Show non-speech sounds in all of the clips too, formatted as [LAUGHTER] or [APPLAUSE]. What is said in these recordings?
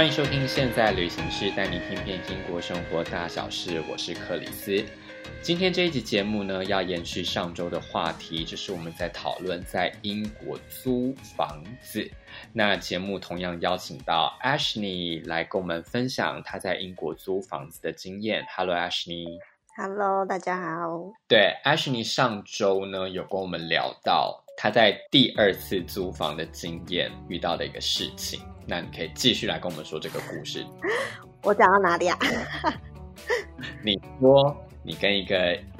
歡迎收聽《現在旅行室》，帶你聽遍英國生活大小事。我是克里斯。今天這一集節目呢，要延續上周的話題，就是我們在討論在英國租房子。那節目同樣邀請到 Ashni 來跟我們分享她在英國租房子的經驗。Hello，Ashni。Hello，大家好。對，Ashni 上周呢，有跟我們聊到她在第二次租房的經驗，遇到的一個事情。那你可以繼續來跟我們說這個故事。我講到哪裡啊？ [LAUGHS] 你說你跟一個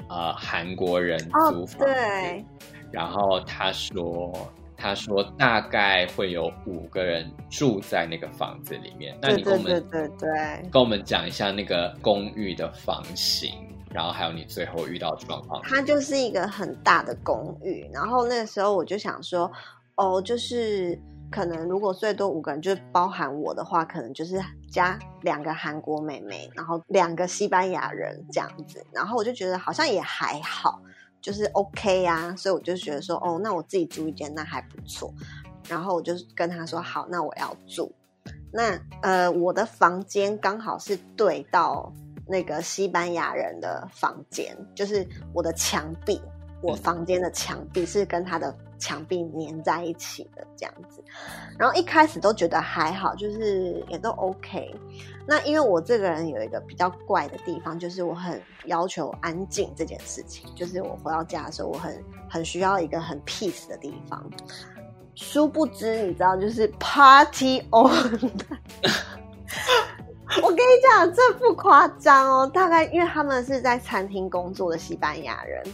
呃韓國人租房，哦、對，然後他說他說大概會有五個人住在那個房子裡面。對那你跟我們對對，對對跟我們講一下那個公寓的房型，然後還有你最後遇到的狀況。它就是一個很大的公寓，然後那個時候我就想說，哦，就是。可能如果最多五個人，就是包含我的話，可能就是加兩個韓國妹妹，然後兩個西班牙人這樣子。然後我就覺得好像也還好，就是 OK 呀、啊。所以我就覺得說，哦，那我自己租一間那還不錯。然後我就跟他說，好，那我要住。那呃，我的房間剛好是對到那個西班牙人的房間，就是我的牆壁。我房間的牆壁是跟他的牆壁粘在一起的，這樣子。然後一開始都覺得還好，就是也都 OK。那因為我這個人有一個比較怪的地方，就是我很要求安靜這件事情。就是我回到家的時候，我很很需要一個很 peace 的地方。殊不知，你知道，就是 party on。 [LAUGHS] 我跟你講，這不誇張哦。大概因為他們是在餐廳工作的西班牙人。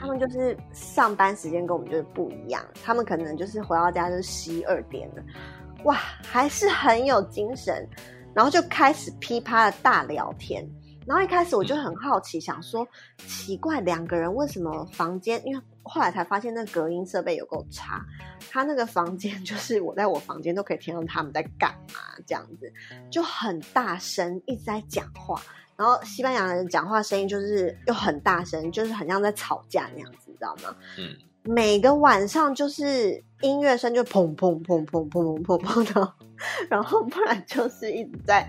他們就是上班時間跟我們就是不一樣，他們可能就是回到家就是十二點了，哇，還是很有精神，然後就開始噼啪的大聊天。然後一開始我就很好奇，想說奇怪兩個人為什麼房間，因為後來才發現那個隔音設備有夠差，他那個房間就是我在我房間都可以聽到他們在幹嘛這樣子，就很大聲一直在講話。然後西班牙人講話聲音就是又很大聲，就是很像在吵架那樣子，你知道嗎？嗯，每個晚上就是音樂聲就砰砰砰砰砰砰砰砰的，然後不然就是一直在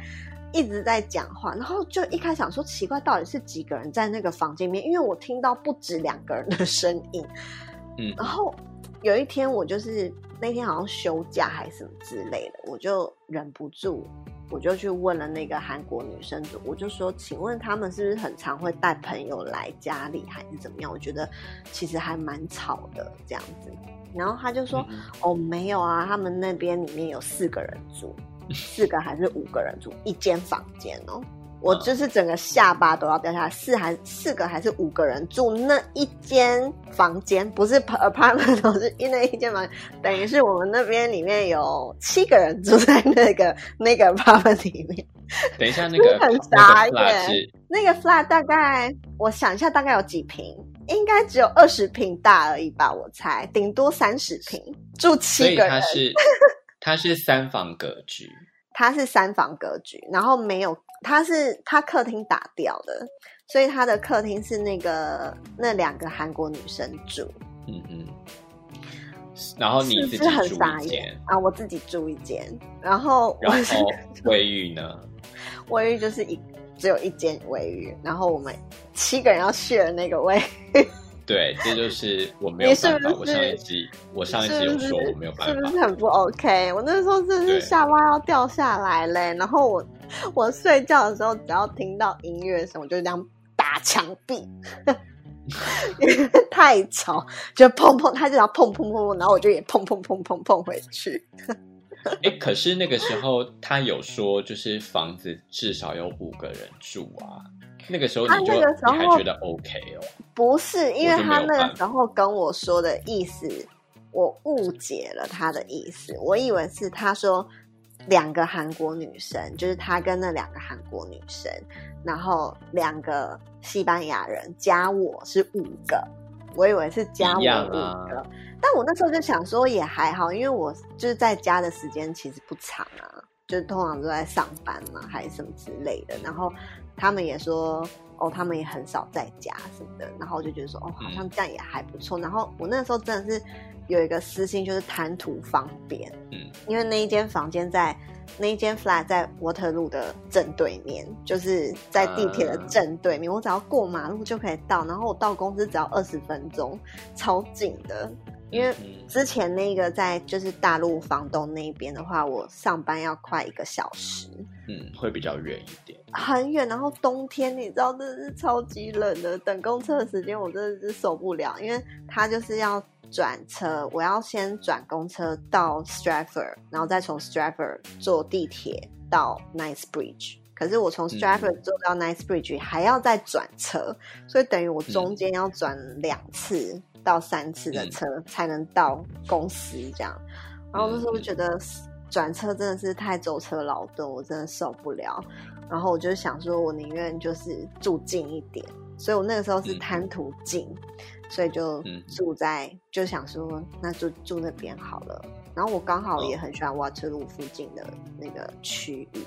一直在講話，然後就一開始想說奇怪，到底是幾個人在那個房間裡面？因為我聽到不止兩個人的聲音，嗯，然後有一天我就是那天好像休假還是什麼之類的，我就忍不住。我就去問了那個韓國女生住，我就說，請問他們是不是很常會帶朋友來家裡，還是怎麼樣？我覺得其實還蠻吵的這樣子。然後他就說，嗯、哦，沒有啊，他們那邊裡面有四個人住，四個還是五個人住，一間房間哦。嗯、我就是整個下巴都要掉下來。四還是四個還是五個人住那一間房間，不是 apartment，都是因為一間房間，等於是我們那邊裡面有七個人住在那個那個 apartment 裡面。等一下那個很雜耶。那個， [LAUGHS] 個 flat [LAUGHS] fl 大概我想一下，大概有幾坪？應該只有二十坪大而已吧，我猜，頂多三十坪，住七個人。它是它 [LAUGHS] 是三房格局，它 [LAUGHS] 是三房格局，然後沒有。他是他客廳打掉的，所以他的客廳是那個那兩個韓國女生住。嗯嗯。然後你是自己住一間啊？我自己住一間。然後我然後衛浴呢？衛浴就是一只有一間衛浴。然後我們七個人要 share 那個衛浴。對，這就是我沒有辦法。你是不是我上一集我上一集有說是是我沒有辦法，是不是很不 OK？我那時候真是，是下巴要掉下來嘞。對然後我。我睡覺的時候，只要聽到音樂聲，我就這樣打牆壁，因 [LAUGHS] 為太吵，就砰砰，他只要砰砰砰砰，然後我就也砰砰砰砰砰回去 [LAUGHS] ，欸，可是那個時候他有說，就是房子至少有五個人住啊，那個時候你就你還覺得 OK 哦？不是，因為他那個時候跟我說的意思，我誤解了他的意思，我以為是他說。兩個韓國女生，就是他跟那兩個韓國女生，然後兩個西班牙人加我是五個，我以為是加我五個，啊、但我那時候就想說也還好，因為我就是在家的時間其實不長啊，就是通常都在上班嘛，還是什麼之類的。然後他們也說哦，他們也很少在家什麼的，然後我就覺得說哦，好像這樣也還不錯。嗯、然後我那時候真的是。有一個私心就是談吐方便，嗯，因為那一間房間在那一間 flat 在 Waterloo 的正對面，就是在地鐵的正對面，嗯，我只要過馬路就可以到，然後我到公司只要二十分鐘，超近的。因為之前那個在就是大陸房東那邊的話，我上班要快一個小時，嗯，會比較遠一點。很遠，然後冬天你知道真的是超級冷的。等公車的時間我真的是受不了，因為他就是要轉車，我要先轉公車到 Stratford 然後再從 Stratford 坐地鐵到 Knightsbridge。可是我從 Stratford 坐到 Knightsbridge 還要再轉車，嗯、所以等於我中間要轉兩次到三次的車，嗯、才能到公司這樣。然後那時候覺得轉車真的是太舟車勞頓，我真的受不了。然後我就想說，我寧願就是住近一點，所以我那個時候是貪圖近，嗯、所以就住在、嗯、就想說，那就住那邊好了。然後我剛好也很喜歡 Waterloo 附近的那個區域，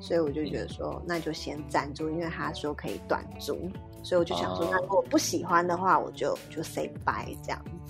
所以我就覺得說，那就先暫住，嗯、因為他說可以短租，所以我就想說，那如果不喜歡的話，我就就 say bye 這樣子。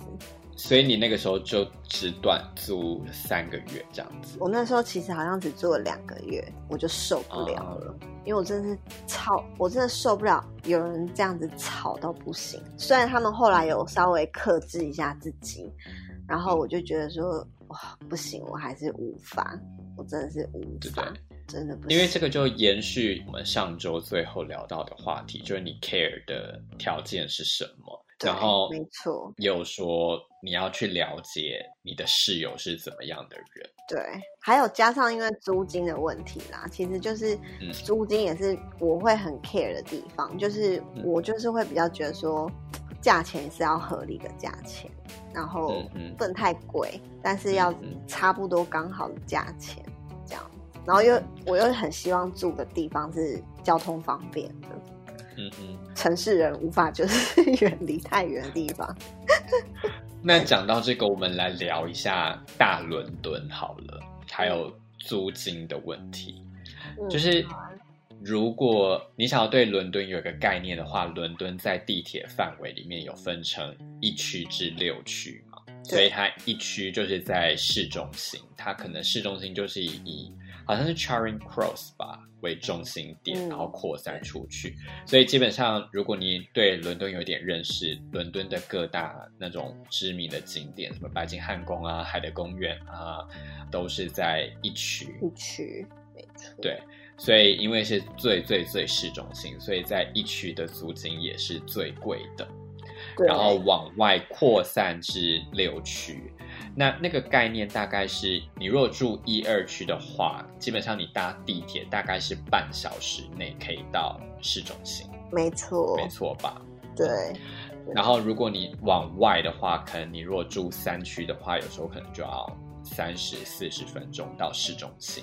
所以你那個時候就只短租三個月這樣子。我那時候其實好像只住了兩個月，我就受不了了，嗯、因為我真的是吵，我真的受不了有人這樣子吵到不行。雖然他們後來有稍微克制一下自己，嗯、然後我就覺得說，哇，不行，我還是無法，我真的是無法，對對真的不行。因為這個就延續我們上周最後聊到的話題，就是你 care 的條件是什麼？對然後，沒錯，又說你要去了解你的室友是怎麼樣的人。對，還有加上因為租金的問題啦，其實就是租金也是我會很 care 的地方，就是我就是會比較覺得說，價錢是要合理的價錢，然後不能太貴，但是要差不多剛好的價錢這樣，然後又我又很希望住的地方是交通方便的。嗯、城市人無法就是遠離太遠的地方。 [LAUGHS] 那講到這個，我們來聊一下大倫敦好了，還有租金的問題。嗯、就是如果你想要對倫敦有一個概念的話，倫敦在地鐵範圍裡面有分成一區至六區嘛，對所以它一區就是在市中心，它可能市中心就是以。好像是 Charing Cross 吧，為中心點，然後擴散出去。嗯，所以基本上，如果你對倫敦有點認識，倫敦的各大那種知名的景點，什麼白金漢宮啊、海德公園啊，都是在一區。一區，沒錯。對，所以因為是最最最市中心，所以在一區的租金也是最貴的。對然後往外擴散至六區。那那個概念大概是你如果住一二區的話，基本上你搭地鐵大概是半小時內可以到市中心，沒錯，沒錯吧？對。然後如果你往外的話，可能你如果住三區的話，有時候可能就要三十四十分鐘到市中心。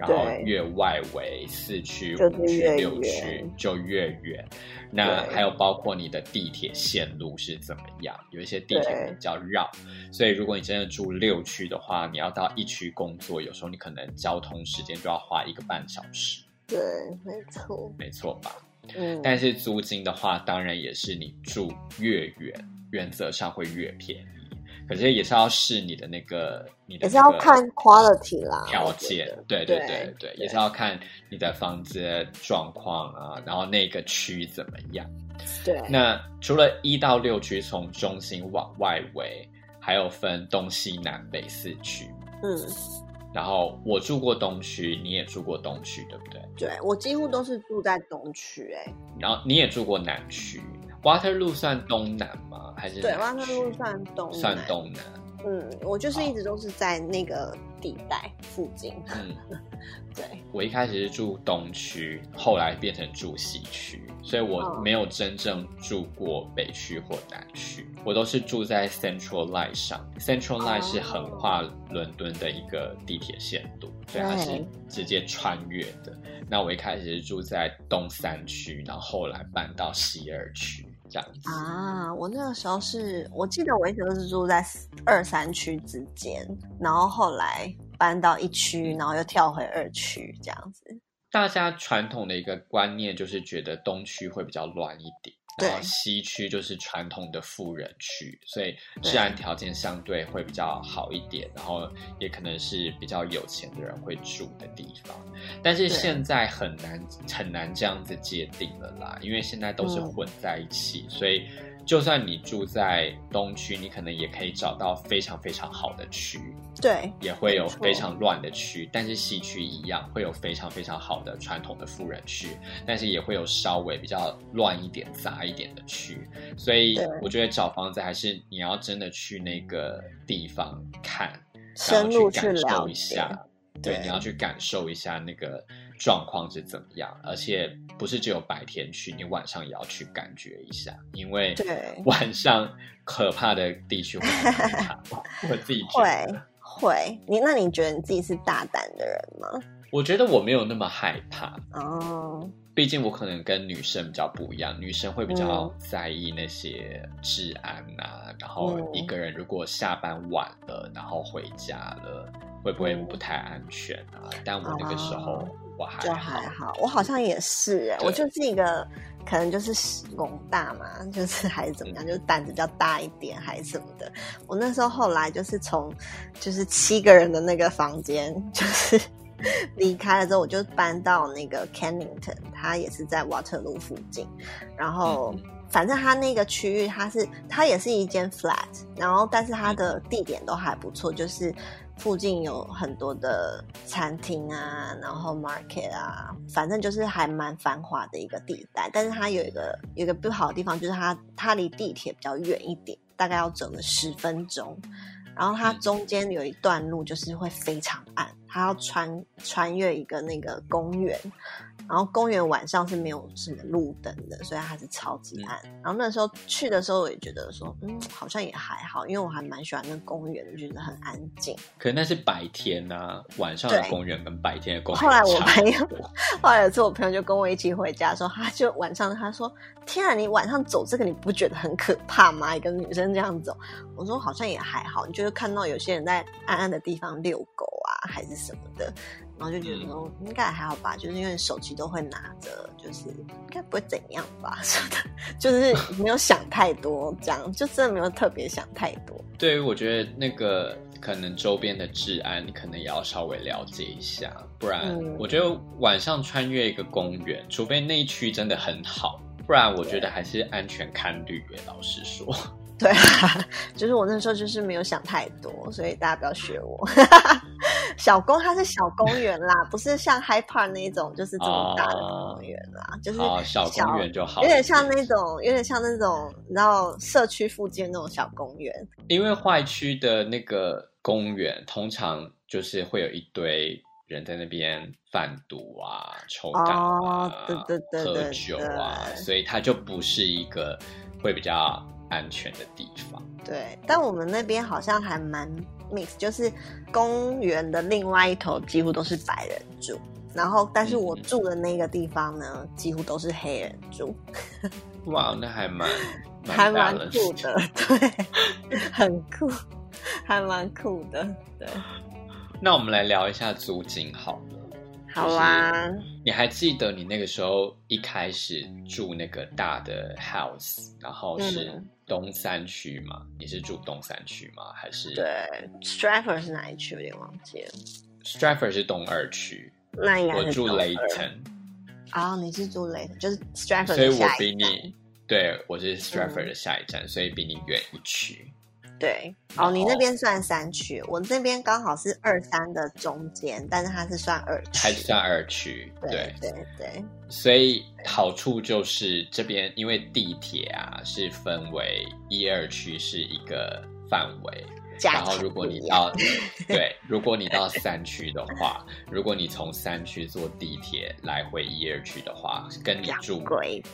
然後外對驅越外圍四區、五區、六區就越遠。那還有包括你的地鐵線路是怎麼樣？有一些地鐵比較繞，對所以如果你真的住六區的話，你要到一區工作，有時候你可能交通時間就要花一個半小時。對，沒錯，沒錯吧？嗯，但是租金的話，當然也是你住越遠，原則上會越便宜。可是也是要試你的那個，你的那個也是要看 quality 啦。條件，對對對對，也是要看你的房子狀況啊，然後那個區怎麼樣。對，那除了一到六區，從中心往外圍，還有分東西南北四區。嗯，然後我住過東區，你也住過東區，對不對？對，我幾乎都是住在東區、欸，哎。然後你也住過南區。Waterloo 算東南嗎？還是對 Waterloo 算東南？算東南。嗯，我就是一直都是在那個地帶附近。哦、嗯， [LAUGHS] 對。我一開始是住東區，後來變成住西區，所以我沒有真正住過北區或南區。哦、我都是住在 Central Line 上。哦、Central Line 是橫跨倫敦的一個地鐵線路，哦、所以它是直接穿越的。對那我一開始是住在東三區，然後後來搬到西二區。這樣子。啊，我那個時候是我記得我一直都是住在二三區之間，然後後來搬到一區，然後又跳回二區這樣子。大家傳統的一個觀念就是覺得東區會比較亂一點。然後西區就是傳統的富人區，所以治安條件相對會比較好一點，然後也可能是比較有錢的人會住的地方。但是現在很難很難這樣子界定了啦，因為現在都是混在一起，所以。就算你住在東區，你可能也可以找到非常非常好的區，對，也會有非常亂的區。沒錯。但是西區一樣會有非常非常好的傳統的富人區，但是也會有稍微比較亂一點、雜一點的區。所以對，我覺得找房子，還是你要真的去那個地方看，然後去感受一下，對，對，對，你要去感受一下那個。狀況是怎麼樣？而且不是只有白天去，你晚上也要去感覺一下，因為晚上可怕的地區會很害怕 [LAUGHS] 我自己覺得會會。你那你覺得你自己是大膽的人嗎？我覺得我沒有那麼害怕哦。畢竟我可能跟女生比較不一樣，女生會比較在意那些治安啊。嗯、然後一個人如果下班晚了，然後回家了，嗯、會不會不太安全啊？但我那個時候我還好、啊、還好，我好像也是耶，對我就是一個可能就是膽大嘛，就是還是怎麼樣，嗯、就是膽子比較大一點還是什麼的。我那時候後來就是從就是七個人的那個房間就是。離 [LAUGHS] 開了之後，我就搬到那個 Kennington，他也是在 Waterloo 附近。然後，反正他那個區域他，它是它也是一間 flat。然後，但是它的地點都還不錯，就是附近有很多的餐廳啊，然後 market 啊，反正就是還蠻繁華的一個地帶。但是它有一個有一個不好的地方，就是它它離地鐵比較遠一點，大概要走了十分鐘。然後它中間有一段路，就是會非常暗，它要穿穿越一個那個公園。然後公園晚上是沒有什麼路燈的，所以它是超級暗。嗯、然後那時候去的時候，我也覺得說，嗯，好像也還好，因為我還蠻喜歡那公園的，嗯、覺得很安靜。可那是白天吶、啊，晚上的公園跟白天的公園差。後來我朋友，後來有次我朋友就跟我一起回家的時候，他就晚上他說：“天啊，你晚上走這個你不覺得很可怕嗎？一個女生這樣走。”我說：“好像也還好，你就是看到有些人在暗暗的地方遛狗啊，還是什麼的。”然後就覺得說應該還好吧，嗯、就是因為手機都會拿着，就是應該不會怎樣吧，什麼的，就是沒有想太多，這樣 [LAUGHS] 就真的沒有特別想太多。對於我覺得那個可能周邊的治安，你可能也要稍微了解一下，不然、嗯、我覺得晚上穿越一個公園，除非那一區真的很好，不然我覺得還是安全堪慮對。老實說，對啊，就是我那時候就是沒有想太多，所以大家不要學我。 [LAUGHS] 小公它是小公園啦，不是像 Hyde Park 那一種就是這麼大的公園啦，哦、就是小，、哦、小公園就好，有點像那種，有點像那種，你知道社區附近那種小公園。因為壞區的那個公園，通常就是會有一堆人在那邊販毒啊、抽大啊、哦、對對對，對，對，對，喝酒啊，所以它就不是一個會比較安全的地方。對，但我們那邊好像還蠻。Mix 就是公園的另外一頭幾乎都是白人住，然後但是我住的那個地方呢，嗯、幾乎都是黑人住。哇，那還蠻，蠻還蠻酷的，是對， [LAUGHS] 很酷，還蠻酷的，對。那我們來聊一下租金好了。好啊。你還記得你那個時候一開始住那個大的 house，然後是？東三區嗎？你是住東三區嗎？還是對，Stratford 是哪一區？有點忘記了。Stratford 是東二區，那應該我住雷騰。啊、哦，你是住雷騰，就是 Stratford。所以我比你，對，我是 Stratford 的下一站，嗯、所以比你遠一區。對，哦，你那邊算三區，哦，我這邊剛好是二三的中間，但是它是算二區，還是算二區？對對對，所以好處就是這邊因為地鐵啊是分為一二區是一個範圍。然後，如果你到，對，如果你到三區的話， [LAUGHS] 如果你從三區坐地鐵來回一、二區的話，跟你住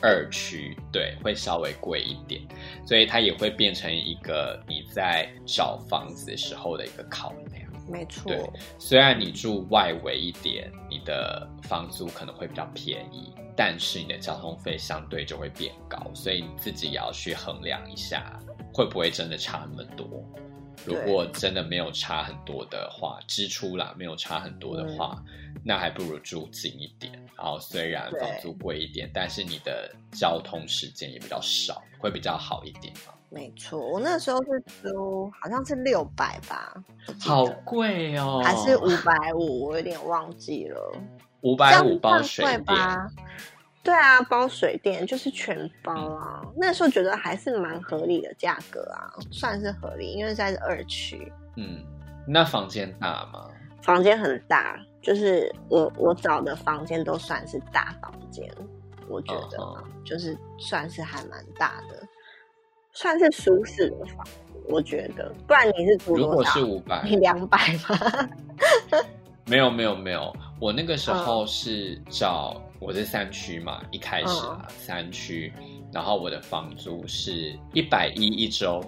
二區，對，會稍微貴一點，所以它也會變成一個你在找房子的時候的一個考量。沒錯。對，雖然你住外圍一點，你的房租可能會比較便宜，但是你的交通費相對就會變高，所以你自己也要去衡量一下，會不會真的差那麼多。如果真的沒有差很多的話，對支出啦沒有差很多的話，對那還不如住近一點。然後雖然房租貴一點，對但是你的交通時間也比較少，會比較好一點嘛。沒錯，我那時候是租，好像是六百吧，好貴哦，還是五百五？我有點忘記了，五百五包水吧？對啊，包水電就是全包啊。嗯、那時候覺得還是蠻合理的價格啊，算是合理，因為在是在二區。嗯，那房間大嗎？房間很大，就是我我找的房間都算是大房間，我覺得、哦、吼就是算是還蠻大的，算是舒適的房，我覺得。不然你是租多少，如果是五百，你兩百 [LAUGHS] ？沒有沒有沒有，我那個時候是找。嗯我是三區嘛，一開始啊，哦、三區，然後我的房租是110一百一一周，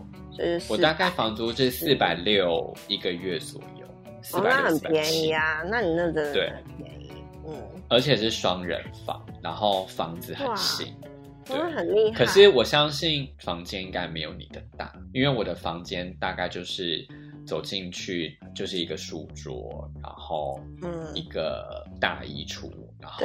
我大概房租是四百六一個月左右，哦，那很便宜啊，那你那個對，很便宜，對嗯，而且是雙人房，然後房子很新，哇對，很厲害。可是我相信房間應該沒有你的大，因為我的房間大概就是走進去就是一個書桌，然後嗯，一個大衣櫥，嗯、然後。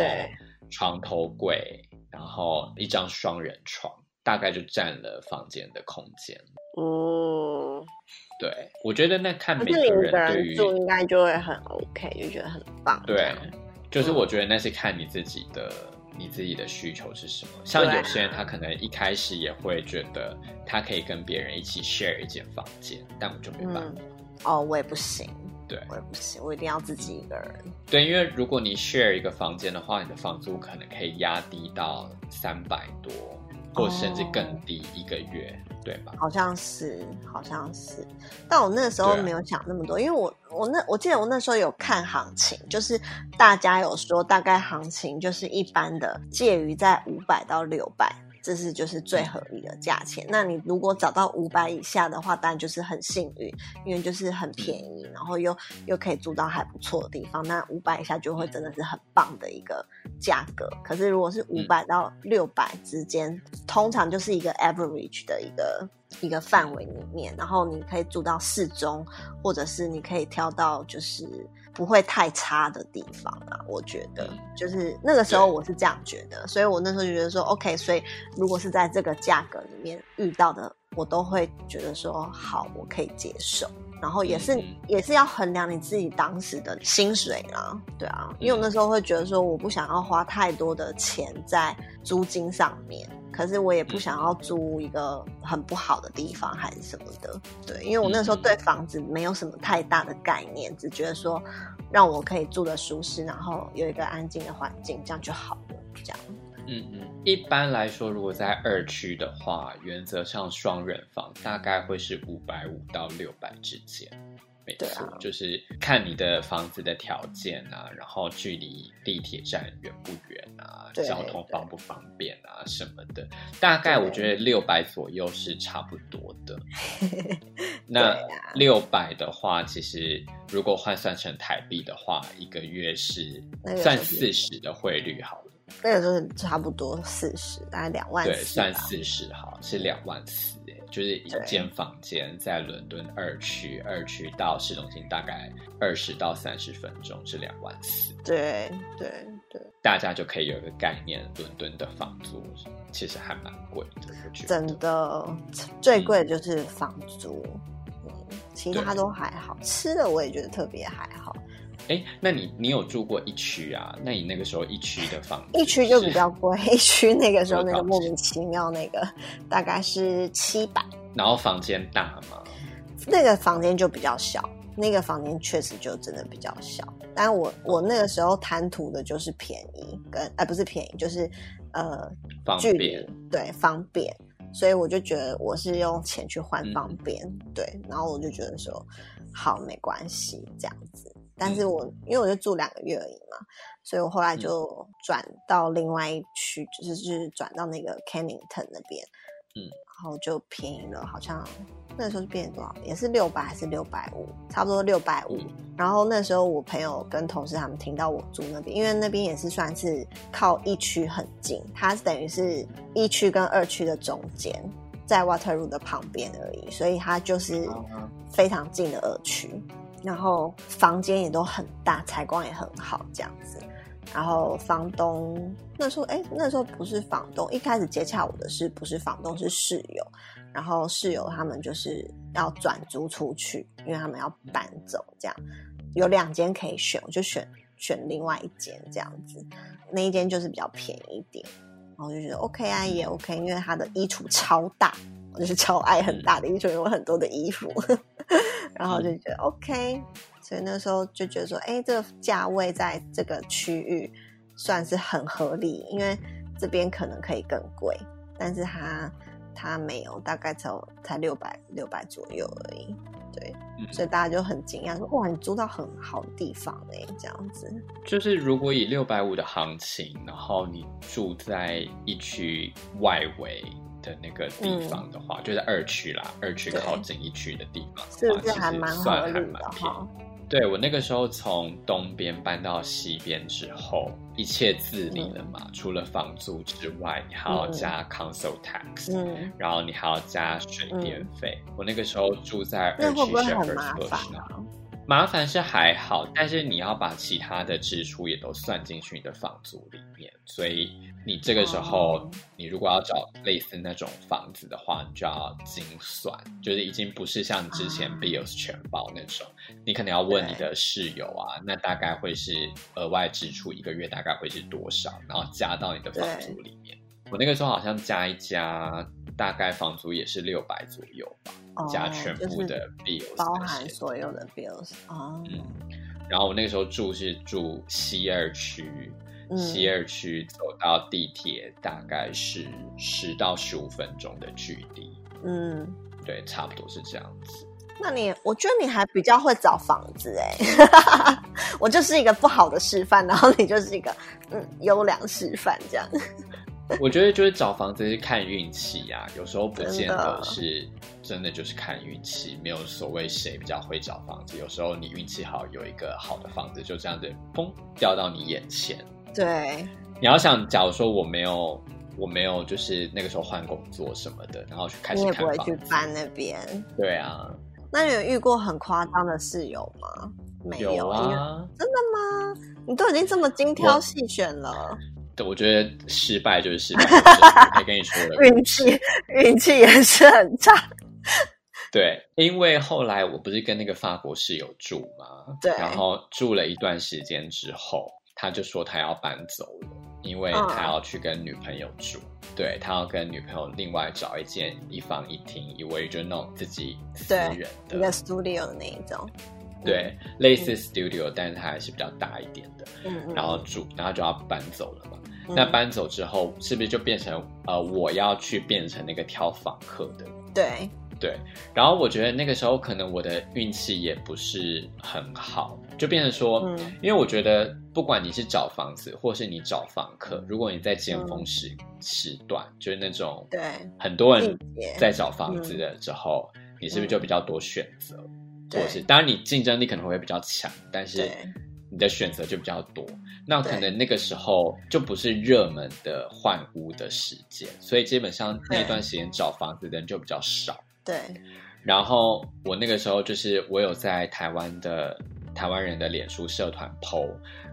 床頭櫃，然後一張雙人床，大概就佔了房間的空間。哦、嗯，對，我覺得那看每個人對於人應該就會很 OK，就覺得很棒。對，就是我覺得那是看你自己的，嗯、你自己的需求是什麼。像有些人他可能一開始也會覺得他可以跟別人一起 share 一間房間，但我就沒辦法。嗯、哦，我也不行。對，我也不行，我一定要自己一個人。對，因為如果你 share 一個房間的話，你的房租可能可以壓低到三百多，或甚至更低一個月，哦、對吧？好像是，好像是，但我那時候沒有想那麼多，啊、因為我我那我記得我那時候有看行情，就是大家有說大概行情就是一般的，介於在五百到六百。這是就是最合理的價錢。那你如果找到五百以下的話，當然就是很幸運，因為就是很便宜，然後又又可以住到還不錯的地方。那五百以下就會真的是很棒的一個價格。可是如果是五百到六百之間，嗯、通常就是一個 average 的一個一個範圍裡面，然後你可以住到適中，或者是你可以挑到就是。不會太差的地方啊，我覺得、嗯、就是那個時候我是這樣覺得，對所以我那時候就覺得說，OK，所以如果是在這個價格裡面遇到的，我都會覺得說好，我可以接受。然後也是、嗯、也是要衡量你自己當時的薪水啦，對啊，嗯、因為我那時候會覺得說，我不想要花太多的錢在租金上面。可是我也不想要租一個很不好的地方還是什麼的，對，因為我那時候對房子沒有什麼太大的概念，嗯、只覺得說讓我可以住得舒適，然後有一個安靜的環境，這樣就好了，這樣。嗯嗯，一般來說，如果在二區的話，原則上雙人房大概會是五百五到六百之間。沒錯，對啊、就是看你的房子的條件啊，然後距離地鐵站遠不遠啊，對對對，交通方不方便啊什麼的。大概我覺得六百左右是差不多的。對那六百的話， [LAUGHS] 對啊、其實如果換算成台幣的話，一個月是算四十的匯率好了。那個就是差不多四十，大概兩萬四。對，算四十哈，是兩萬四，嗯、就是一間房間在倫敦二區，嗯、二區到市中心大概二十到三十分鐘，是兩萬四。對對對，大家就可以有一個概念，倫敦的房租其實還蠻貴的，真的最貴的就是房租，嗯、其他都還好，吃的我也覺得特別還好。哎，那你你有住過一區啊？那你那個時候一區的房間是是一區就比較貴，是一區那個時候那個莫名其妙那個大概是七百，然後房間大嗎？那個房間就比較小，那個房間確實就真的比較小。但我、哦、我那個時候貪圖的就是便宜跟哎、呃、不是便宜就是呃距離對方便，所以我就覺得我是用錢去換方便、嗯、對，然後我就覺得說好，沒關係這樣子。但是我、嗯、因為我就住兩個月而已嘛，所以我後來就轉到另外一區，嗯、就是就是轉到那個 Kennington 那邊，嗯，然後就便宜了，好像那時候是變成多少，也是六百還是六百五，差不多六百五。然後那時候我朋友跟同事他們聽到我住那邊，因為那邊也是算是靠一區很近，它是等於是一區跟二區的中間，在 Waterloo 的旁邊而已，所以它就是非常近的二區。然後房間也都很大，採光也很好，這樣子。然後房東那時候，哎，那時候不是房東，一開始接洽我的是不是房東是室友。然後室友他們就是要轉租出去，因為他們要搬走，這樣有兩間可以選，我就選選另外一間這樣子。那一間就是比較便宜一點，然後就覺得 OK 啊，也 OK，因為他的衣櫥超大，我就是超愛很大的衣櫥，有很多的衣服。 [LAUGHS] 然後就覺得 OK，所以那時候就覺得說，哎，這個、價位在這個區域算是很合理，因為這邊可能可以更貴，但是它它沒有，大概才才六百六百左右而已。對，嗯、所以大家就很驚訝，說哇，你租到很好的地方哎、欸，這樣子。就是如果以六百五的行情，然後你住在一區外圍的那個地方的話，嗯、就在二區啦，二區靠近一區的地方的話，對其實算還蠻便宜的。對我那個時候從東邊搬到西邊之後，一切自理了嘛，嗯、除了房租之外，你還要加 council tax，、嗯、然後你還要加水電費。嗯、我那個時候住在二區，這會不會很麻煩？麻煩是還好，但是你要把其他的支出也都算進去你的房租裡面，所以你這個時候，你如果要找類似那種房子的話，你就要精算，就是已經不是像之前 bills 全包那種，你可能要問你的室友啊，對那大概會是額外支出一個月大概會是多少，然後加到你的房租裡面。我那個時候好像加一加，大概房租也是六百左右吧。哦、加全部的 bills，包含所有的 bills 對。啊、哦，嗯。然後我那個時候住是住西二區，嗯、西二區走到地鐵大概是十到十五分鐘的距離。嗯，對，差不多是這樣子。那你，我覺得你還比較會找房子哎、欸， [LAUGHS] 我就是一個不好的示範，然後你就是一個嗯優良示範這樣。 [LAUGHS] 我覺得就是找房子是看運氣呀、啊，有時候不見得是真的，就是看運氣，沒有所謂誰比較會找房子。有時候你運氣好，有一個好的房子，就這樣子砰掉到你眼前。對，你要想，假如說我沒有，我沒有，就是那個時候換工作什麼的，然後去開始看房子，你也不會去搬那邊。對啊，那你有遇過很誇張的室友嗎？沒有啊，真的嗎？你都已經這麼精挑細選了。對，我覺得失敗就是失敗。還跟你說， [LAUGHS] 運氣運氣也是很差。對，因為後來我不是跟那個法國室友住嗎？對，然後住了一段時間之後，他就說他要搬走了，因為他要去跟女朋友住。嗯、對，他要跟女朋友另外找一間一房一廳，因為就弄自己私人的一個 studio 那一種。對，類似 studio、嗯、但是它還是比較大一點的，嗯、然後住，然後就要搬走了嘛。嗯、那搬走之後，是不是就變成呃，我要去變成那個挑房客的？對，對。然後我覺得那個時候可能我的運氣也不是很好，就變成說，嗯、因為我覺得不管你是找房子，或是你找房客，如果你在尖峰時、嗯、時段，就是那種對很多人在找房子的時候，嗯、你是不是就比較多選擇？嗯嗯或是當然，你競爭力可能會比較強，但是你的選擇就比較多。對那可能那個時候就不是熱門的換屋的時間，對所以基本上那一段時間找房子的人就比較少。對。然後我那個時候就是我有在台灣的台灣人的臉書社團 PO，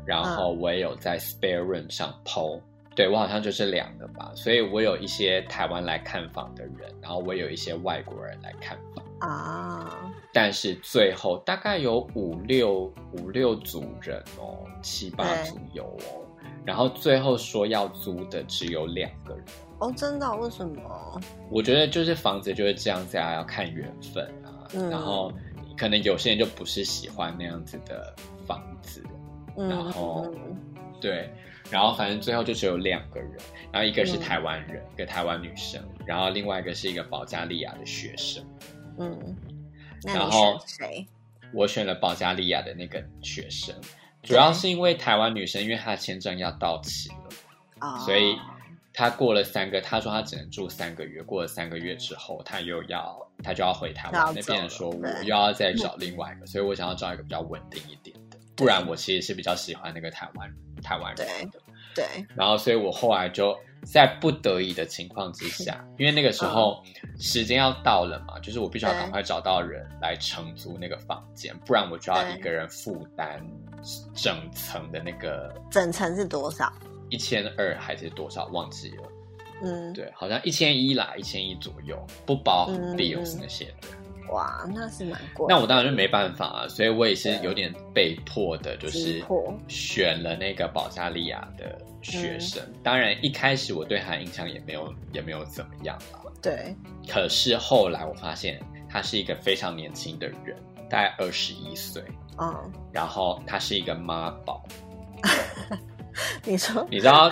然後我也有在 Spare Room 上 PO、啊。對我好像就是兩個吧，所以我有一些台灣來看房的人，然後我有一些外國人來看房。啊！但是最後大概有五六五六組人哦，七八組有哦。欸、然後最後說要租的只有兩個人哦，真的、哦？為什麼？我覺得就是房子就是這樣子啊，要看緣分啊。嗯、然後可能有些人就不是喜歡那樣子的房子。嗯、然後、嗯、對，然後反正最後就只有兩個人，然後一個是台灣人，嗯、一個台灣女生，然後另外一個是一個保加利亞的學生。嗯，然後我選了保加利亞的那個學生，對主要是因為台灣女生，因為她的簽證要到期了，啊，oh. 所以她過了三個，她說她只能住三個月，過了三個月之後，對她又要她就要回台灣，知道 那邊說對我又要再找另外一個，對所以我想要找一個比較穩定一點的，不然我其實是比較喜歡那個台灣台灣人的。對，然後所以我後來就在不得已的情況之下，因為那個時候時間要到了嘛，嗯、就是我必須要趕快找到人來承租那個房間，對不然我就要一個人負擔整層的那個。整層是多少？一千二還是多少？忘記了。嗯，對，好像一千一啦，一千一左右，不包含 bills 那些的。嗯嗯哇，那是蠻貴。那我當然就沒辦法啊，所以我也是有點被迫的，就是選了那個保加利亞的學生。嗯、當然一開始我對他印象也沒有也沒有怎麼樣啊。對。可是後來我發現他是一個非常年輕的人，大概二十一歲。哦、嗯。然後他是一個媽寶。 [LAUGHS] 你說？你知道？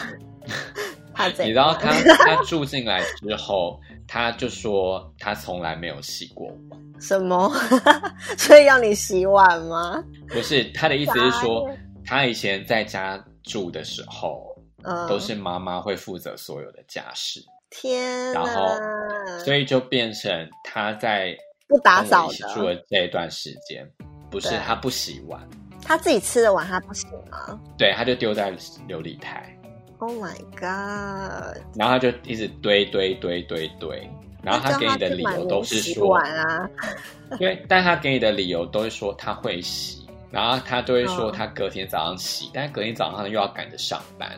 你知道他他住進來之後？ [LAUGHS] 他就說他從來沒有洗過碗。什麼？ [LAUGHS] 所以要你洗碗嗎？不是，他的意思是說，的他以前在家住的時候，嗯、都是媽媽會負責所有的家事。天哪，然後所以就變成他在不打掃的這一段時間，不，不是他不洗碗，他自己吃的碗他不洗嗎？對，他就丟在流理台。Oh my god！然後他就一直堆堆堆堆堆，然後他給你的理由都是說，因為、啊， [LAUGHS] 但是他給你的理由都是說他會洗，然後他都會說他隔天早上洗，哦、但是隔天早上又要趕着上班，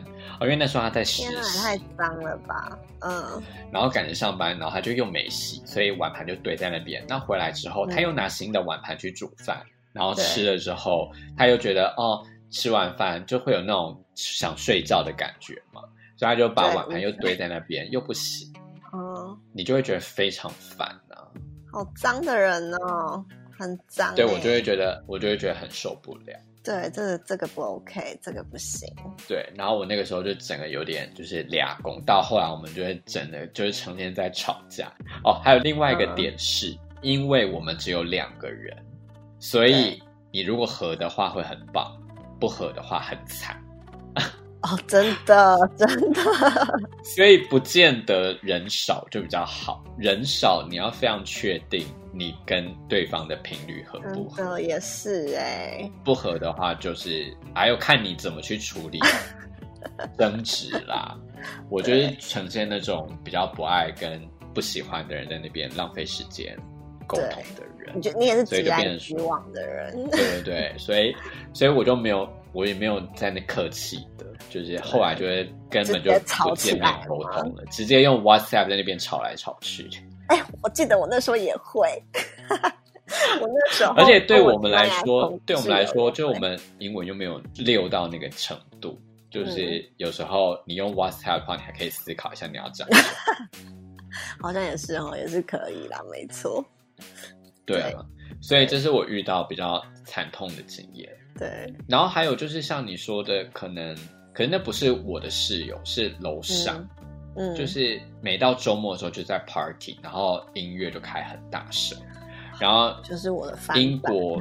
哦，因為那時候他在實習，太髒了吧，嗯，然後趕着上班，然後他就又沒洗，所以碗盤就堆在那邊。那、嗯、回來之後，嗯、他又拿新的碗盤去煮飯，然後吃了之後，對他又覺得哦。吃完飯就會有那種想睡覺的感覺嘛，所以他就把碗盤又堆在那邊，對又不洗，哦、嗯，你就會覺得非常煩呢、啊。好髒的人哦，很髒、欸。對，我就會覺得，我就會覺得很受不了。對，這個這個不 OK，這個不行。對，然後我那個時候就整個有點就是倆公，到後來我們就會整的，就是成天在吵架。哦，還有另外一個點是，嗯、因為我們只有兩個人，所以對你如果合的話會很棒。不合的話很慘哦、 [LAUGHS] oh，真的真的，所以不見得人少就比較好，人少你要非常確定你跟對方的頻率合不合，也是哎，不合的話就是還要看你怎麼去處理爭執 [LAUGHS] 啦，我覺得呈現那種比較不愛跟不喜歡的人在那邊浪費時間溝通的人。你覺得你也是，最以變失望的人？對對對， [LAUGHS] 所以所以我就沒有，我也沒有在那客氣的，就是後來就會根本就不見面不吵起來溝通了，直接用 WhatsApp 在那邊吵來吵去。哎、欸，我記得我那時候也會， [LAUGHS] 我那時候而且對我們來說，哦、我來對我們來說，就我們英文又沒有溜到那個程度，嗯、就是有時候你用 WhatsApp 的話，你還可以思考一下你要講什麼。 [LAUGHS] 好像也是哦，也是可以啦，沒錯。對，對對，所以這是我遇到比較慘痛的經驗。對，然後還有就是像你說的，可能可是那不是我的室友，是樓上，嗯，嗯就是每到周末的時候就在 party，然後音樂就開很大聲，然後就是我的房間英國，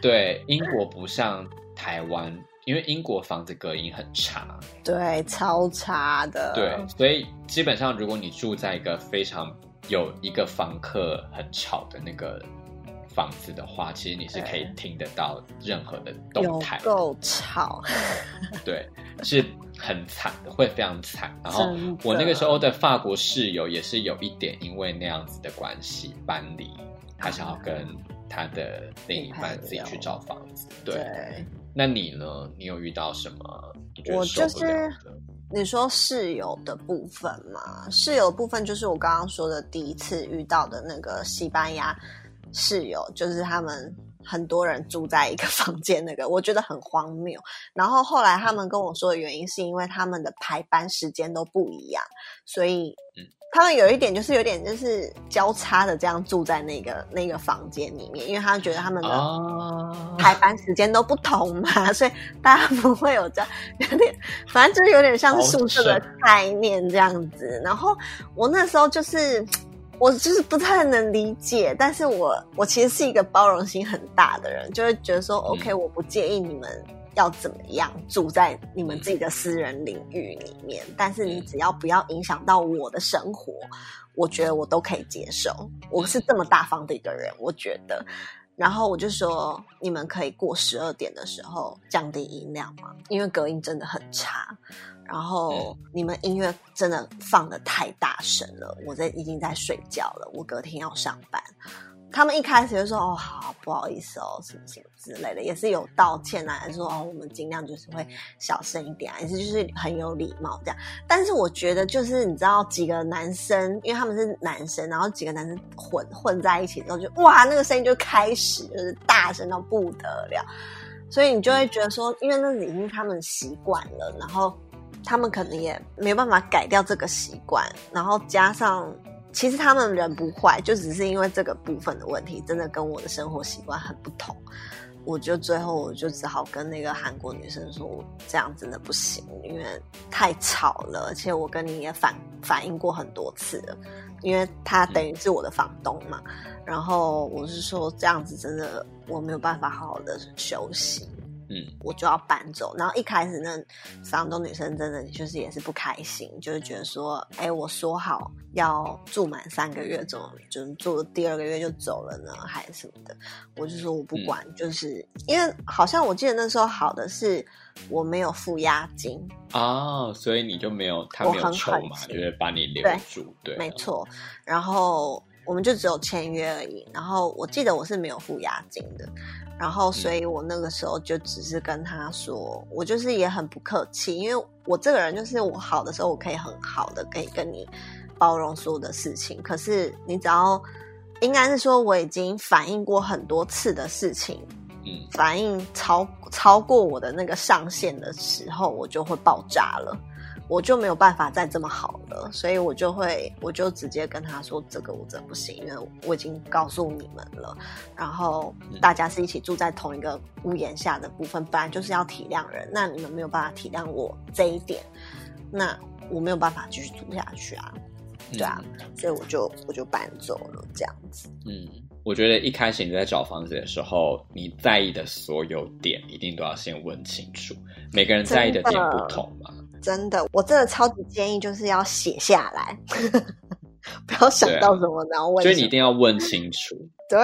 對，英國不像台灣，因為英國房子隔音很差，對，超差的，對，所以基本上如果你住在一個非常有一個房客很吵的那個。房子的話，其實你是可以聽得到任何的動態，夠吵。 [LAUGHS] 對，是很慘的，會非常慘。然後的我那個時候的法國室友也是有一點因為那樣子的關係搬離，他想要跟他的另一半自己去找房子。啊、對，對對，那你呢？你有遇到什麼？我就是你說室友的部分嘛，室友的部分就是我剛剛說的第一次遇到的那個西班牙。室友，就是他們很多人住在一個房間，那個我覺得很荒謬。然後後來他們跟我說的原因是因為他們的排班時間都不一樣，所以他們有一點就是有點就是交叉的這樣住在那個那個房間裡面，因為他們覺得他們的排班時間都不同嘛，所以大家不會有這樣有點，反正就是有點像宿舍的概念這樣子。然後我那時候就是。我就是不太能理解，但是我我其實是一個包容心很大的人，就會覺得說，嗯，OK，我不介意你們要怎麼樣住在你們自己的私人領域裡面，嗯，但是你只要不要影響到我的生活，我覺得我都可以接受。我是這麼大方的一個人，我覺得。然後我就說，你們可以過十二點的時候降低音量嗎？因為隔音真的很差。然後你們音樂真的放得太大聲了，我在已經在睡覺了，我隔天要上班。他們一開始就說：“哦，好，不好意思哦，什麼什麼之類的，也是有道歉啊，還是說哦，我們盡量就是會小聲一點啊，也是就是很有禮貌這樣。”但是我覺得，就是你知道，幾個男生，因為他們是男生，然後幾個男生混混在一起之後就，就哇，那個聲音就開始就是大聲到不得了，所以你就會覺得說，因為那是已經他們習慣了，然後他們可能也沒辦法改掉這個習慣，然後加上。其實他們人不壞，就只是因為這個部分的問題，真的跟我的生活習慣很不同。我就最後我就只好跟那個韓國女生說，這樣真的不行，因為太吵了，而且我跟你也反反映過很多次了，因為他等於是我的房東嘛。嗯，然後我是說這樣子真的我沒有辦法好好的休息。嗯，我就要搬走。然後一開始那三棟女生真的就是也是不開心，就是覺得說，哎、欸，我說好要住滿三個月，怎麼就住了第二個月就走了呢，還是什麼的？我就說我不管，嗯、就是因為好像我記得那時候好的是，我沒有付押金啊，所以你就沒有他沒有籌碼嘛，很很就會把你留住，對，對啊、沒錯。然後。我們就只有簽約而已，然後我記得我是沒有付押金的，然後所以我那個時候就只是跟他說，我就是也很不客氣，因為我這個人就是我好的時候我可以很好的可以跟你包容所有的事情，可是你只要應該是說我已經反映過很多次的事情，嗯，反應超超過我的那個上限的時候，我就會爆炸了。我就沒有辦法再這麼好了，所以我就會，我就直接跟他說：“這個我真不行，因為我，我已經告訴你們了。然後大家是一起住在同一個屋檐下的部分，本來、嗯、就是要體諒人，那你們沒有辦法體諒我這一點，嗯、那我沒有辦法繼續住下去啊，嗯、對啊，所以我就我就搬走了，這樣子。嗯，我覺得一開始你在找房子的時候，你在意的所有點一定都要先問清楚，每個人在意的點不同嘛。”真的，我真的超級建議，就是要寫下來， [LAUGHS] 不要想到什麼、啊、然後問，所以你一定要問清楚。對，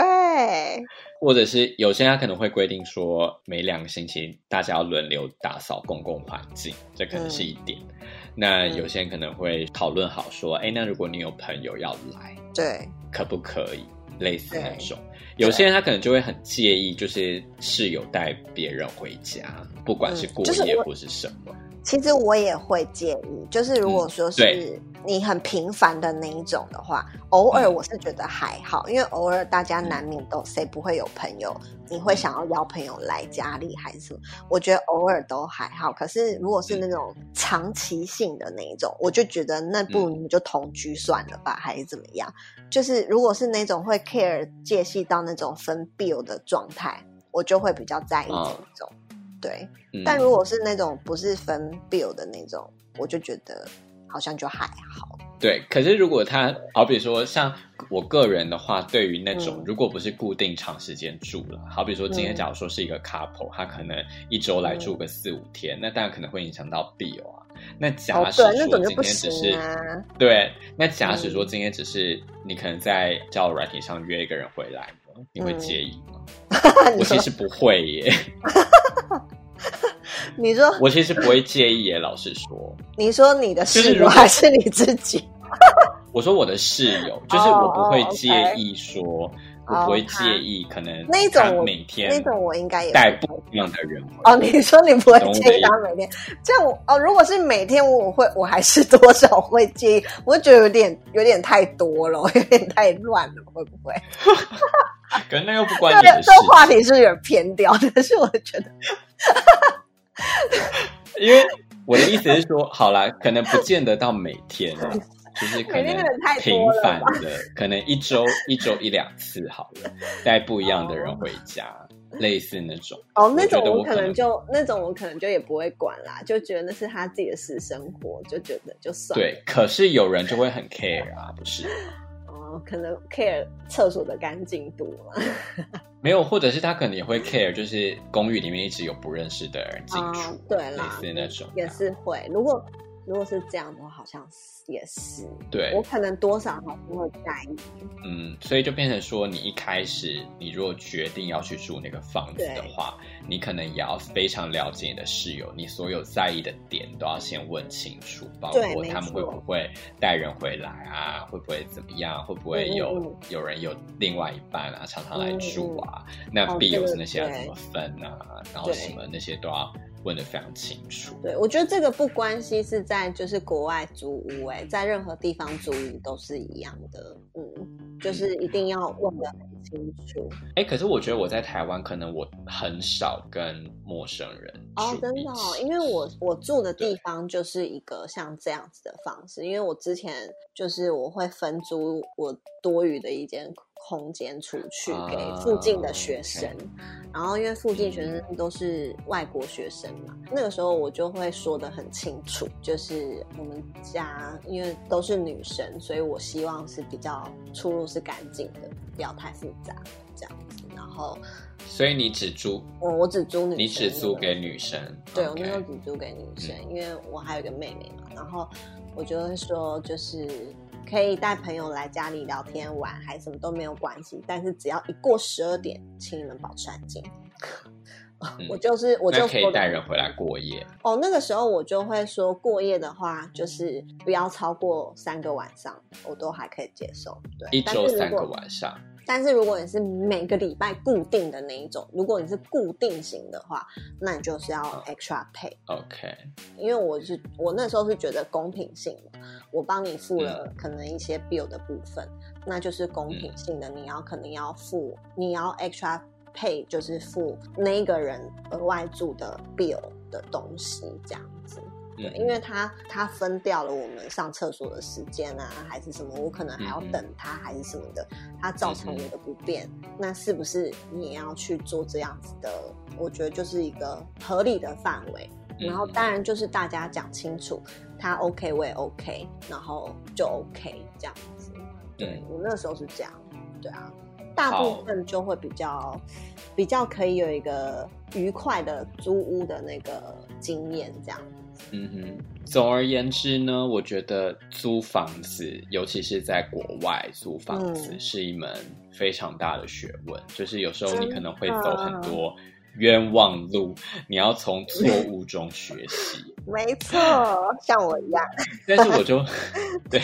或者是有些人他可能會規定說，每兩個星期大家要輪流打掃公共環境，這可能是一點。嗯、那有些人可能會討論好說，哎、嗯，那如果你有朋友要來，對，可不可以類似那種？對有些人他可能就會很介意，就是室友帶別人回家，不管是過夜、嗯就是、或是什麼。其實我也會介意，就是如果說是你很頻繁的那一種的話，嗯、偶爾我是覺得還好，因為偶爾大家難免都誰不會有朋友，你會想要邀朋友來家裡還是什麼，我覺得偶爾都還好。可是如果是那種長期性的那一種，嗯、我就覺得那不如你們就同居算了吧，嗯、還是怎麼樣？就是如果是那種會 care 介係到那種分 bill 的狀態，我就會比較在意這一種。嗯對，但如果是那種不是分 bill 的那種，嗯、我就覺得好像就還好。對，可是如果他好比說像我個人的話，對於那種如果不是固定長時間住了，嗯、好比說今天假如說是一個 couple、嗯、他可能一周來住個四五天，嗯、那當然可能會影響到 bill 啊。那假使說今天只是對、啊、對，那假使說今天只是、嗯、你可能在交友軟體上約一個人回來，你會介意嗎？嗯、 [LAUGHS] 我其實不會耶。 [LAUGHS] 你說我其實不會介意，耶。老實說，你說你的室友是還是你自己？ [LAUGHS] 我說我的室友，就是我不會介意說，oh, okay. 我不會介意可能 Okay. 他每天那種我應該也帶不一樣的人哦。你說你不會介意他每天，這樣我哦，如果是每天我會，我還是多少會介意，我覺得有點有點太多了，有點太亂了，會不會？跟 [LAUGHS] 那又不關你的事。這話題是有點偏掉，但是我覺得。 [LAUGHS] [LAUGHS] 因為我的意思是說，好啦，可能不見得到每天，就是可能頻繁的，可能一周一周一兩次好了，帶不一樣的人回家，Oh my. 類似那種。哦、Oh，那種我可能就那種我可能就也不會管啦，就覺得那是他自己的私生活，就覺得就算了。對，可是有人就會很 care 啊，不是？可能 care 廁所的乾淨度嗎？ [LAUGHS] 沒有，或者是他可能也會 care，就是公寓裡面一直有不認識的人進出，哦、對類似那種也是會、啊、如果。如果是這樣的話，好像也是。對。我可能多少還是會在意。嗯，所以就變成說，你一開始，你如果決定要去住那個房子的話，對你可能也要非常了解你的室友，你所有在意的點都要先問清楚，包括他們會不會帶人回來啊，會不會怎麼樣，會不會有、嗯、有人有另外一半啊，常常來住啊，嗯嗯、那必有 bill 有那些需要怎麼分啊，哦、對對然後什麼那些都要。問得非常清楚，對我覺得這個不關係是在就是國外租屋哎、欸，在任何地方租屋都是一樣的，嗯，就是一定要問得很清楚。哎、嗯欸，可是我覺得我在台灣，可能我很少跟陌生人哦，真的、哦，因為我我住的地方就是一個像這樣子的方式，對因為我之前就是我會分租我多餘的一間。空間出去給附近的學生，oh, okay. 然後因為附近學生都是外國學生嘛，嗯、那個時候我就會說的很清楚，就是我們家因為都是女生，所以我希望是比較出入是乾淨的，不要太複雜這樣子。然後，所以你只租，我我只租，那個、你只租給女生，對 Okay. 我那時候只租給女生，嗯，因為我還有一個妹妹嘛，然後我就會說就是。可以帶朋友來家裡聊天玩，還什麼都沒有關係。但是只要一過十二點，請你們保持安靜。 [LAUGHS] 嗯、我就是，我就可以帶人回來過夜。哦，oh, 那個時候我就會說過夜的話，就是不要超過三個晚上，我都還可以接受。對，一周三個晚上。但是如果你是每個禮拜固定的那一種，如果你是固定型的話，那你就是要 extra pay。OK。因為我是我那時候是覺得公平性嘛，我幫你付了可能一些 bill 的部分，嗯。那就是公平性的，你要可能要付，你要 extra pay 就是付那個人額外住的 bill 的東西這樣子。對，因為他他分掉了我們上廁所的時間啊，還是什麼，我可能還要等他，嗯、還是什麼的，他造成我的不便，嗯嗯、那是不是你也要去做這樣子的？我覺得就是一個合理的範圍。然後當然就是大家講清楚，嗯、他 OK，我也 OK，然後就 OK 這樣子。對，我那時候是這樣，對啊，大部分就會比較好比較可以有一個愉快的租屋的那個經驗這樣。嗯哼，總而言之呢，我覺得租房子，尤其是在國外租房子，是一門非常大的學問。嗯、就是有時候你可能會走很多冤枉路，的你要從錯誤中學習。 [LAUGHS] 沒錯，像我一樣。 [LAUGHS] 但是我就對，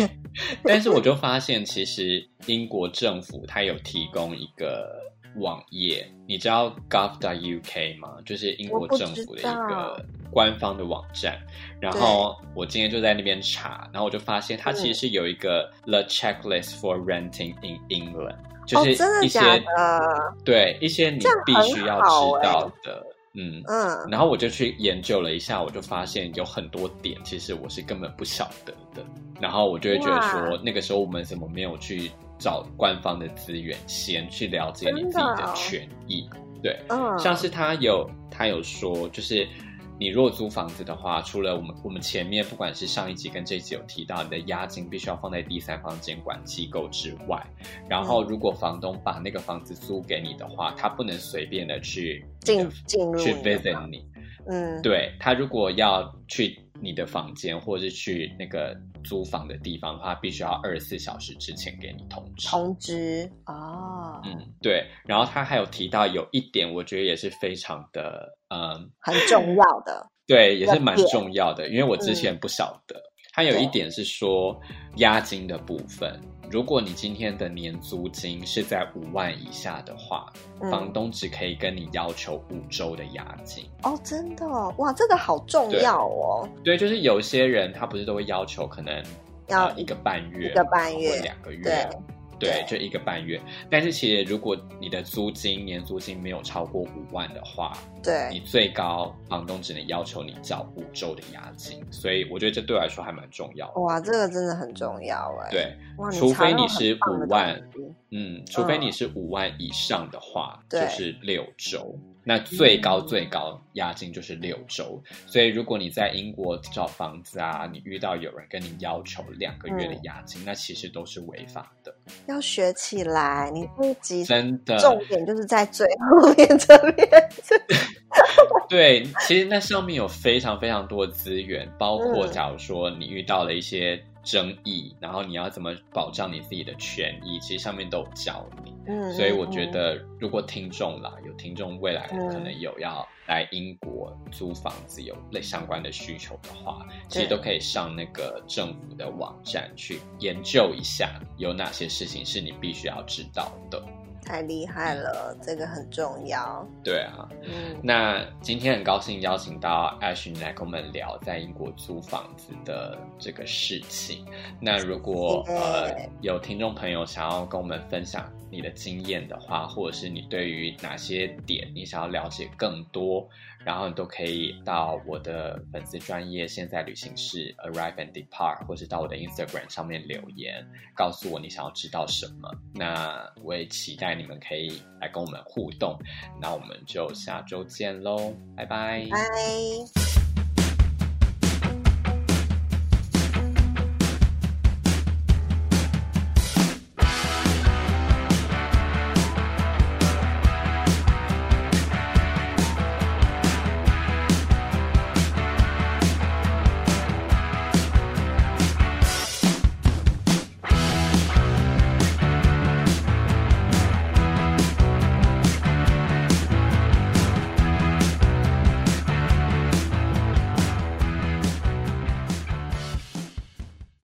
但是我就發現，其實英國政府它有提供一個。網頁，你知道 gov. uk 嗎？就是英國政府的一個官方的網站。然後我今天就在那邊查，對然後我就發現它其實是有一個 the checklist for renting in England，、嗯、就是一些、哦、的的對一些你必須要知道的，嗯、欸、嗯。嗯然後我就去研究了一下，我就發現有很多點其實我是根本不曉得的。然後我就會覺得說，哇那個時候我們怎麼沒有去？找官方的資源，先去了解你自己的權益。哦、對，嗯、像是他有他有說，就是你如果租房子的話，除了我們我們前面不管是上一集跟這一集有提到，你的押金必須要放在第三方監管機構之外，然後如果房東把那個房子租給你的話，他不能隨便的去進進入去 visit 你。嗯，對，他如果要去你的房間或者是去那個。租房的地方的話，他必須要二十四小時之前給你通知。通知哦，嗯，對。然後他還有提到有一點，我覺得也是非常的，嗯，很重要的。對， [LAUGHS] 也是蠻重要的，因為我之前不曉得。嗯、他有一點是說押金的部分。對如果你今天的年租金是在五萬以下的話，嗯，房東只可以跟你要求五周的押金哦。Oh, 真的哦，哇，這個好重要哦。對。對，就是有些人他不是都會要求可能要一個半月，一個半月或兩個月。對。對，就一個半月。對但是其實，如果你的租金、年租金沒有超過五萬的話，對，你最高房東只能要求你交五周的押金。所以，我覺得這對我來說還蠻重要的。哇，這個真的很重要哎。對，除非你是五萬，嗯，除非你是五萬以上的話，嗯、就是六周。那最高最高押金就是六周，嗯、所以如果你在英國找房子啊，嗯、你遇到有人跟你要求兩個月的押金，嗯、那其實都是違法的。要學起來，你不急，真的，重點就是在最後面這邊。的 [LAUGHS] 對，其實那上面有非常非常多的資源，包括假如說你遇到了一些，爭議，然後你要怎麼保障你自己的權益？其實上面都有教你，嗯，所以我覺得如果聽眾啦，嗯，有聽眾未來可能有要來英國租房子有類相關的需求的話，其實都可以上那個政府的網站去研究一下有哪些事情是你必須要知道的。太厲害了，嗯、這個很重要。對啊，嗯、那今天很高興邀請到 Ashni 來跟我們聊在英國租房子的這個事情。那如果耶呃有聽眾朋友想要跟我們分享你的經驗的話，或者是你對於哪些點你想要了解更多？然後你都可以到我的粉絲專頁現在旅行室 arrive and depart，或是到我的 Instagram 上面留言，告訴我你想要知道什麼。那我也期待你們可以來跟我們互動。那我們就下周見嘍，拜拜。拜拜。